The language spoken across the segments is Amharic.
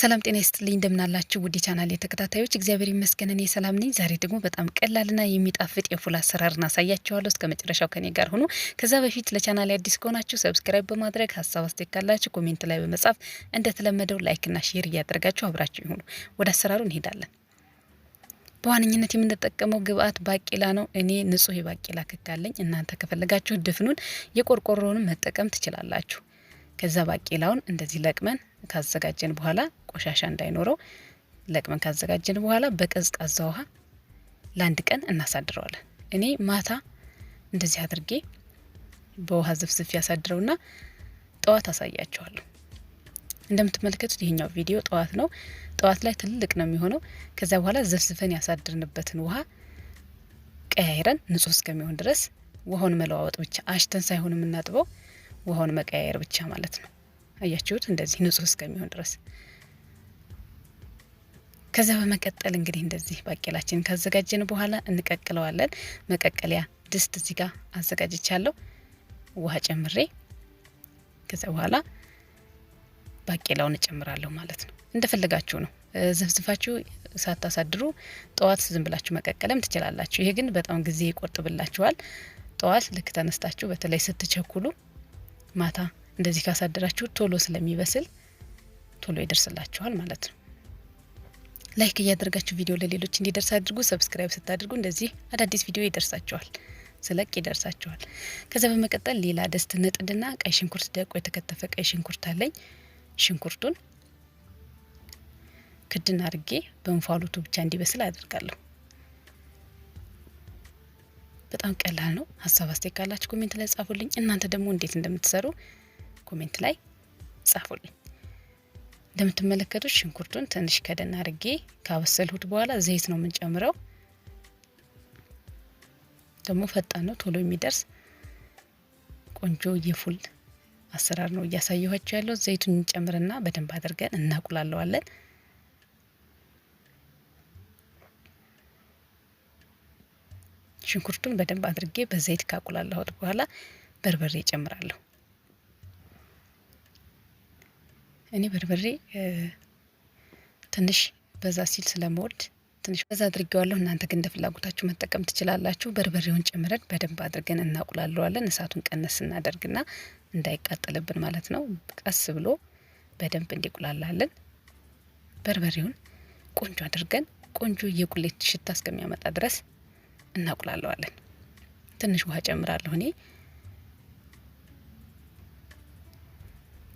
ሰላም ጤና ይስጥልኝ እንደምናላችሁ ውድ ቻናል የተከታታዮች፣ እግዚአብሔር ይመስገን እኔ ሰላም ነኝ። ዛሬ ደግሞ በጣም ቀላልና የሚጣፍጥ የፉል አሰራር እናሳያችኋለሁ። እስከ መጨረሻው ከኔ ጋር ሁኑ። ከዛ በፊት ለቻናል አዲስ ከሆናችሁ ሰብስክራይብ በማድረግ ሀሳብ አስተያየት ካላችሁ ኮሜንት ላይ በመጻፍ እንደተለመደው ላይክና ሼር እያደረጋችሁ አብራችሁ ይሁኑ። ወደ አሰራሩ እንሄዳለን። በዋነኝነት የምንጠቀመው ግብአት ባቄላ ነው። እኔ ንጹህ የባቄላ ክካለኝ። እናንተ ከፈለጋችሁ ድፍኑን የቆርቆሮውንም መጠቀም ትችላላችሁ። ከዛ ባቄላውን እንደዚህ ለቅመን ካዘጋጀን በኋላ ቆሻሻ እንዳይኖረው ለቅመን ካዘጋጀን በኋላ በቀዝቃዛ ውሃ ለአንድ ቀን እናሳድረዋለን። እኔ ማታ እንደዚህ አድርጌ በውሃ ዝፍዝፍ ያሳድረውና ጠዋት አሳያቸዋለሁ። እንደምትመለከቱት ይሄኛው ቪዲዮ ጠዋት ነው። ጠዋት ላይ ትልቅ ነው የሚሆነው። ከዚያ በኋላ ዘፍዝፈን ያሳድርንበትን ውሃ ቀያይረን ንጹህ እስከሚሆን ድረስ ውሃውን መለዋወጥ ብቻ፣ አሽተን ሳይሆን የምናጥበው ውሃውን መቀያየር ብቻ ማለት ነው። አያችሁት? እንደዚህ ንጹህ እስከሚሆን ድረስ ከዛ በመቀጠል እንግዲህ እንደዚህ ባቄላችን ካዘጋጀን በኋላ እንቀቅለዋለን። መቀቀለያ ድስት እዚህ ጋር አዘጋጅቻለሁ። ውሃ ጨምሬ ከዛ በኋላ ባቄላውን እጨምራለሁ ማለት ነው። እንደፈለጋችሁ ነው ዘፍዝፋችሁ ሳታሳድሩ ጠዋት ዝም ብላችሁ መቀቀልም ትችላላችሁ። ይሄ ግን በጣም ጊዜ ይቆጥብላችኋል። ጠዋት ልክ ተነስታችሁ በተለይ ስትቸኩሉ ማታ እንደዚህ ካሳደራችሁ ቶሎ ስለሚበስል ቶሎ ይደርስላችኋል ማለት ነው። ላይክ እያደረጋችሁ ቪዲዮ ለሌሎች እንዲደርስ አድርጉ። ሰብስክራይብ ስታደርጉ እንደዚህ አዳዲስ ቪዲዮ ይደርሳችኋል፣ ስለቅ ይደርሳችኋል። ከዚ በመቀጠል ሌላ ነጥድ ንጥድና ቀይ ሽንኩርት ደቆ የተከተፈ ቀይ ሽንኩርት አለኝ። ሽንኩርቱን ክድን አድርጌ በእንፋሎቱ ብቻ እንዲበስል አደርጋለሁ። በጣም ቀላል ነው። ሀሳብ አስተያየት ካላችሁ ኮሜንት ላይ ጻፉልኝ። እናንተ ደግሞ እንዴት እንደምትሰሩ ኮሜንት ላይ ጻፉልኝ። እንደምትመለከቱት ሽንኩርቱን ትንሽ ከደን አድርጌ ካበሰልሁት በኋላ ዘይት ነው የምንጨምረው። ደግሞ ፈጣን ነው ቶሎ የሚደርስ ቆንጆ የፉል አሰራር ነው እያሳየኋቸው ያለው። ዘይቱን እንጨምርና በደንብ አድርገን እናቁላለዋለን። ሽንኩርቱን በደንብ አድርጌ በዘይት ካቁላለሁት በኋላ በርበሬ ይጨምራለሁ። እኔ በርበሬ ትንሽ በዛ ሲል ስለመወድ ትንሽ በዛ አድርጌዋለሁ። እናንተ ግን እንደ ፍላጎታችሁ መጠቀም ትችላላችሁ። በርበሬውን ጨምረን በደንብ አድርገን እናቁላለዋለን። እሳቱን ቀነስ እናደርግና እንዳይቃጠልብን ማለት ነው። ቀስ ብሎ በደንብ እንዲቁላላለን። በርበሬውን ቆንጆ አድርገን ቆንጆ የቁሌት ሽታ እስከሚያመጣ ድረስ እናቁላለዋለን። ትንሽ ውሃ ጨምራለሁ እኔ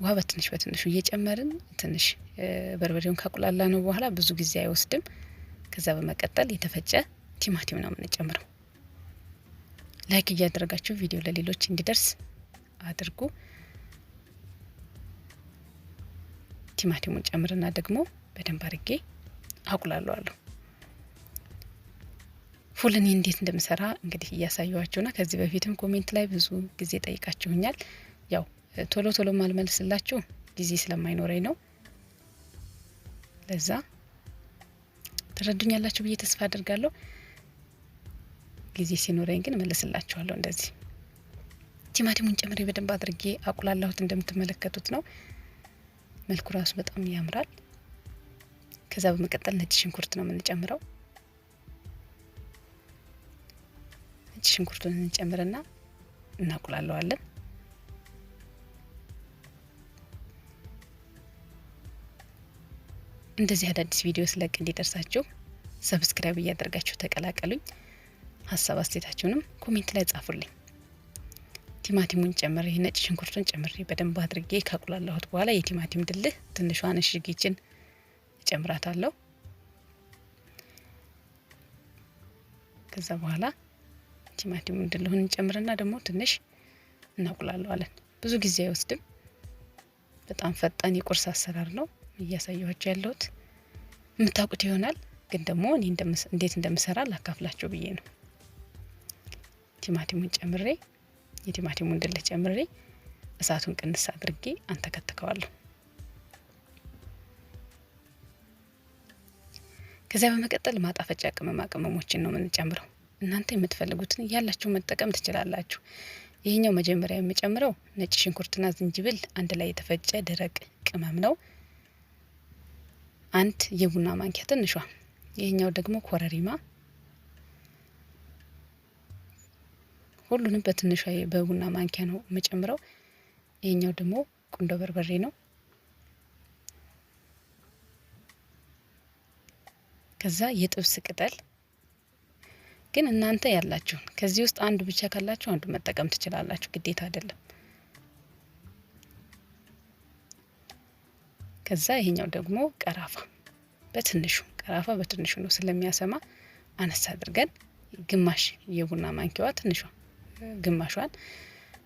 ውሃ በትንሽ በትንሹ እየጨመርን ትንሽ በርበሬውን ካቁላላ ነው በኋላ ብዙ ጊዜ አይወስድም። ከዛ በመቀጠል የተፈጨ ቲማቲም ነው የምንጨምረው። ላይክ እያደረጋችሁ ቪዲዮ ለሌሎች እንዲደርስ አድርጉ። ቲማቲሙን ጨምርና ደግሞ በደንብ አርጌ አቁላለዋለሁ። ፉል እኔ እንዴት እንደምሰራ እንግዲህ እያሳየኋችሁና ከዚህ በፊትም ኮሜንት ላይ ብዙ ጊዜ ጠይቃችሁኛል ያው ቶሎ ቶሎ ማልመልስላችሁ ጊዜ ስለማይኖረኝ ነው። ለዛ ትረዱኛላችሁ ብዬ ተስፋ አድርጋለሁ። ጊዜ ሲኖረኝ ግን መልስላችኋለሁ። እንደዚህ ቲማቲሙን ጨምሬ በደንብ አድርጌ አቁላላሁት። እንደምትመለከቱት ነው። መልኩ ራሱ በጣም ያምራል። ከዛ በመቀጠል ነጭ ሽንኩርት ነው የምንጨምረው። ነጭ ሽንኩርቱን እንጨምርና እናቁላለዋለን። እንደዚህ አዳዲስ ቪዲዮ ስለቅ እንዲደርሳችሁ ሰብስክራይብ እያደረጋችሁ ተቀላቀሉኝ። ሀሳብ አስተያየታችሁንም ኮሜንት ላይ ጻፉልኝ። ቲማቲሙን ጨምሬ ነጭ ሽንኩርቱን ጨምሬ በደንብ አድርጌ ካቁላላሁት በኋላ የቲማቲም ድልህ ትንሿን እሽጊችን እጨምራታለሁ። ከዛ በኋላ ቲማቲሙን ድልሁን እንጨምርና ደግሞ ትንሽ እናቁላለዋለን። ብዙ ጊዜ አይወስድም። በጣም ፈጣን የቁርስ አሰራር ነው። እያሳየኋቸው ያለሁት የምታውቁት ይሆናል፣ ግን ደግሞ እኔ እንዴት እንደምሰራ ላካፍላችሁ ብዬ ነው። ቲማቲሙን ጨምሬ የቲማቲሙን ድልህ ጨምሬ እሳቱን ቅንስ አድርጌ አንተከትከዋለሁ። ከዚያ በመቀጠል ማጣፈጫ ቅመማ ቅመሞችን ነው የምንጨምረው። እናንተ የምትፈልጉትን እያላችሁ መጠቀም ትችላላችሁ። ይህኛው መጀመሪያ የምጨምረው ነጭ ሽንኩርትና ዝንጅብል አንድ ላይ የተፈጨ ደረቅ ቅመም ነው። አንድ የቡና ማንኪያ ትንሿ። ይህኛው ደግሞ ኮረሪማ። ሁሉንም በትንሿ በቡና ማንኪያ ነው የምጨምረው። ይህኛው ደግሞ ቁንዶ በርበሬ ነው። ከዛ የጥብስ ቅጠል ግን እናንተ ያላችሁን ከዚህ ውስጥ አንዱ ብቻ ካላችሁ አንዱ መጠቀም ትችላላችሁ፣ ግዴታ አይደለም። ከዛ ይሄኛው ደግሞ ቀራፋ በትንሹ ቀራፋ በትንሹ ነው ስለሚያሰማ አነሳ አድርገን ግማሽ የቡና ማንኪዋ ትንሿ ግማሿን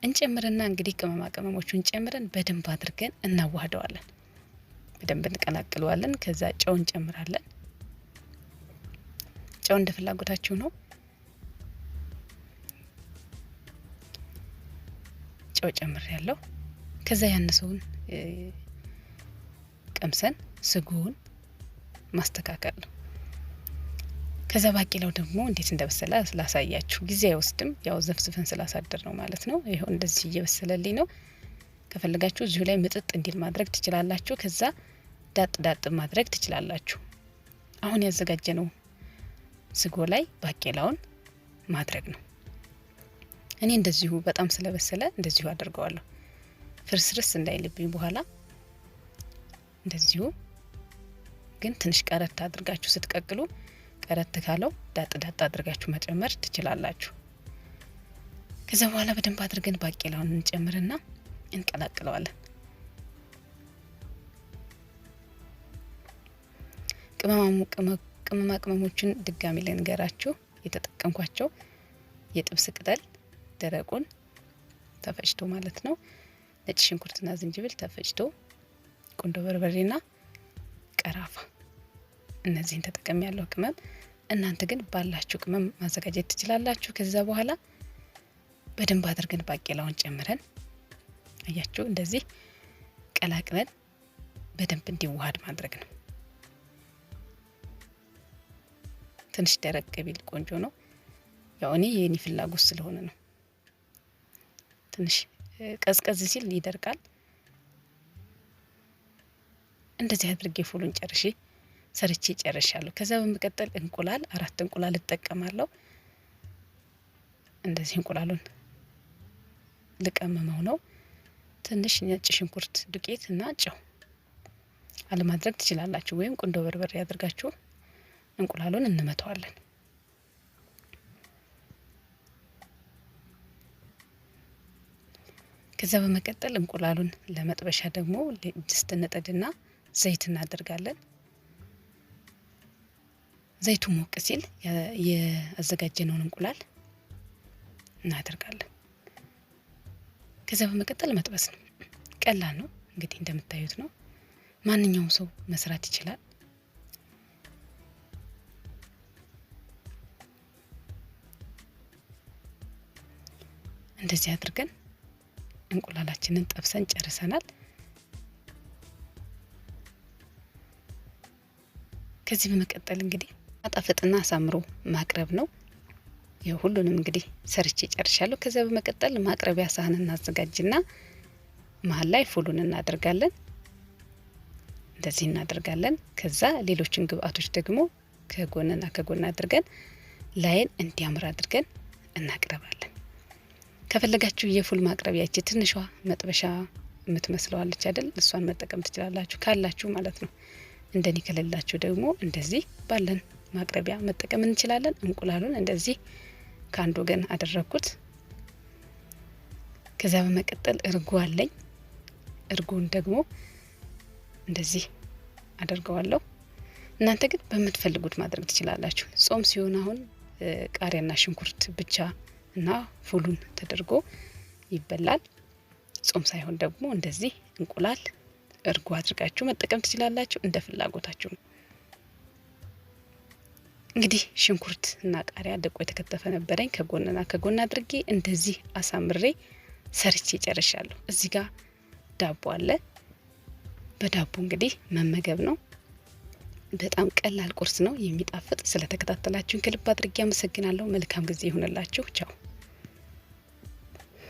እንጨምርና እንግዲህ ቅመማ ቅመሞቹን ጨምረን በደንብ አድርገን እናዋህደዋለን። በደንብ እንቀላቅለዋለን። ከዛ ጨው እንጨምራለን። ጨው እንደ ፍላጎታችሁ ነው። ጨው ጨምር ያለው ከዛ ያነሰውን ቀምሰን ስጉን ማስተካከል ነው። ከዛ ባቄላው ደግሞ እንዴት እንደበሰለ ስላሳያችሁ ጊዜ አይወስድም። ያው ዘፍዝፈን ስላሳደር ነው ማለት ነው። ይኸው እንደዚህ እየበሰለልኝ ነው። ከፈለጋችሁ እዚሁ ላይ ምጥጥ እንዲል ማድረግ ትችላላችሁ። ከዛ ዳጥ ዳጥ ማድረግ ትችላላችሁ። አሁን ያዘጋጀ ነው ስጎ ላይ ባቄላውን ማድረግ ነው። እኔ እንደዚሁ በጣም ስለበሰለ እንደዚሁ አድርገዋለሁ ፍርስርስ እንዳይልብኝ በኋላ እንደዚሁ ግን ትንሽ ቀረት አድርጋችሁ ስትቀቅሉ ቀረት ካለው ዳጥ ዳጥ አድርጋችሁ መጨመር ትችላላችሁ። ከዛ በኋላ በደንብ አድርገን ባቄላውን እንጨምርና እንቀላቅለዋለን። ቅመማ ቅመሞችን ድጋሚ ልንገራችሁ። የተጠቀምኳቸው የጥብስ ቅጠል ደረቁን ተፈጭቶ ማለት ነው። ነጭ ሽንኩርትና ዝንጅብል ተፈጭቶ ቁንዶ በርበሬና ቀራፋ እነዚህን ተጠቀም ያለው ቅመም። እናንተ ግን ባላችሁ ቅመም ማዘጋጀት ትችላላችሁ። ከዛ በኋላ በደንብ አድርገን ባቄላውን ጨምረን አያችሁ፣ እንደዚህ ቀላቅለን በደንብ እንዲዋሃድ ማድረግ ነው። ትንሽ ደረቅ ቢል ቆንጆ ነው። ያው እኔ የኔ ፍላጎት ስለሆነ ነው። ትንሽ ቀዝቀዝ ሲል ይደርቃል። እንደዚህ አድርጌ ፉሉን ጨርሼ ሰርቼ ጨርሻለሁ። ከዛ በመቀጠል እንቁላል አራት እንቁላል እጠቀማለሁ። እንደዚህ እንቁላሉን ልቀመመው ነው። ትንሽ ነጭ ሽንኩርት ዱቄት እና ጨው አለማድረግ ትችላላችሁ፣ ወይም ቁንዶ በርበሬ ያድርጋችሁ። እንቁላሉን እንመተዋለን። ከዛ በመቀጠል እንቁላሉን ለመጥበሻ ደግሞ ድስት እንጠድና ዘይት እናደርጋለን። ዘይቱ ሞቅ ሲል ያዘጋጀነውን እንቁላል እናደርጋለን። ከዚያ በመቀጠል መጥበስ ነው። ቀላል ነው እንግዲህ እንደምታዩት ነው። ማንኛውም ሰው መስራት ይችላል። እንደዚህ አድርገን እንቁላላችንን ጠብሰን ጨርሰናል። ከዚህ በመቀጠል እንግዲህ አጣፈጥና አሳምሮ ማቅረብ ነው። ይህ ሁሉንም እንግዲህ ሰርቼ ጨርሻለሁ። ከዚያ በመቀጠል ማቅረቢያ ሳህን እናዘጋጅና መሀል ላይ ፉሉን እናደርጋለን። እንደዚህ እናደርጋለን። ከዛ ሌሎችን ግብአቶች ደግሞ ከጎንና ከጎን አድርገን ላይን እንዲያምር አድርገን እናቅረባለን። ከፈለጋችሁ የፉል ማቅረቢያ ይቺ ትንሿ መጥበሻ የምትመስለዋለች አይደል? እሷን መጠቀም ትችላላችሁ ካላችሁ ማለት ነው። እንደኔ ከሌላችሁ ደግሞ እንደዚህ ባለን ማቅረቢያ መጠቀም እንችላለን። እንቁላሉን እንደዚህ ከአንድ ወገን አደረግኩት። ከዚያ በመቀጠል እርጎ አለኝ። እርጎን ደግሞ እንደዚህ አደርገዋለሁ። እናንተ ግን በምትፈልጉት ማድረግ ትችላላችሁ። ጾም ሲሆን አሁን ቃሪያና ሽንኩርት ብቻ እና ፉሉን ተደርጎ ይበላል። ጾም ሳይሆን ደግሞ እንደዚህ እንቁላል እርጎ አድርጋችሁ መጠቀም ትችላላችሁ። እንደ ፍላጎታችሁ ነው። እንግዲህ ሽንኩርት እና ቃሪያ ደቆ የተከተፈ ነበረኝ። ከጎንና ከጎን አድርጌ እንደዚህ አሳምሬ ሰርቼ ጨርሻለሁ። እዚህ ጋር ዳቦ አለ። በዳቦ እንግዲህ መመገብ ነው። በጣም ቀላል ቁርስ ነው የሚጣፍጥ። ስለተከታተላችሁን ከልብ አድርጌ አመሰግናለሁ። መልካም ጊዜ ይሁንላችሁ። ቻው